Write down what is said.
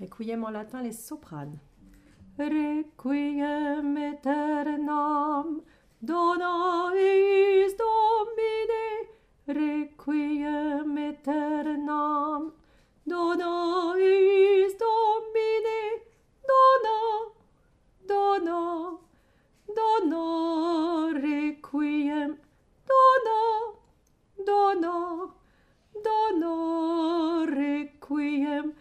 Requiem en latin, les sopranes. Requiem aeternam, dona eis domine, requiem aeternam, dona eis domine, dona, dona, dona, requiem, dona, dona, dona, requiem,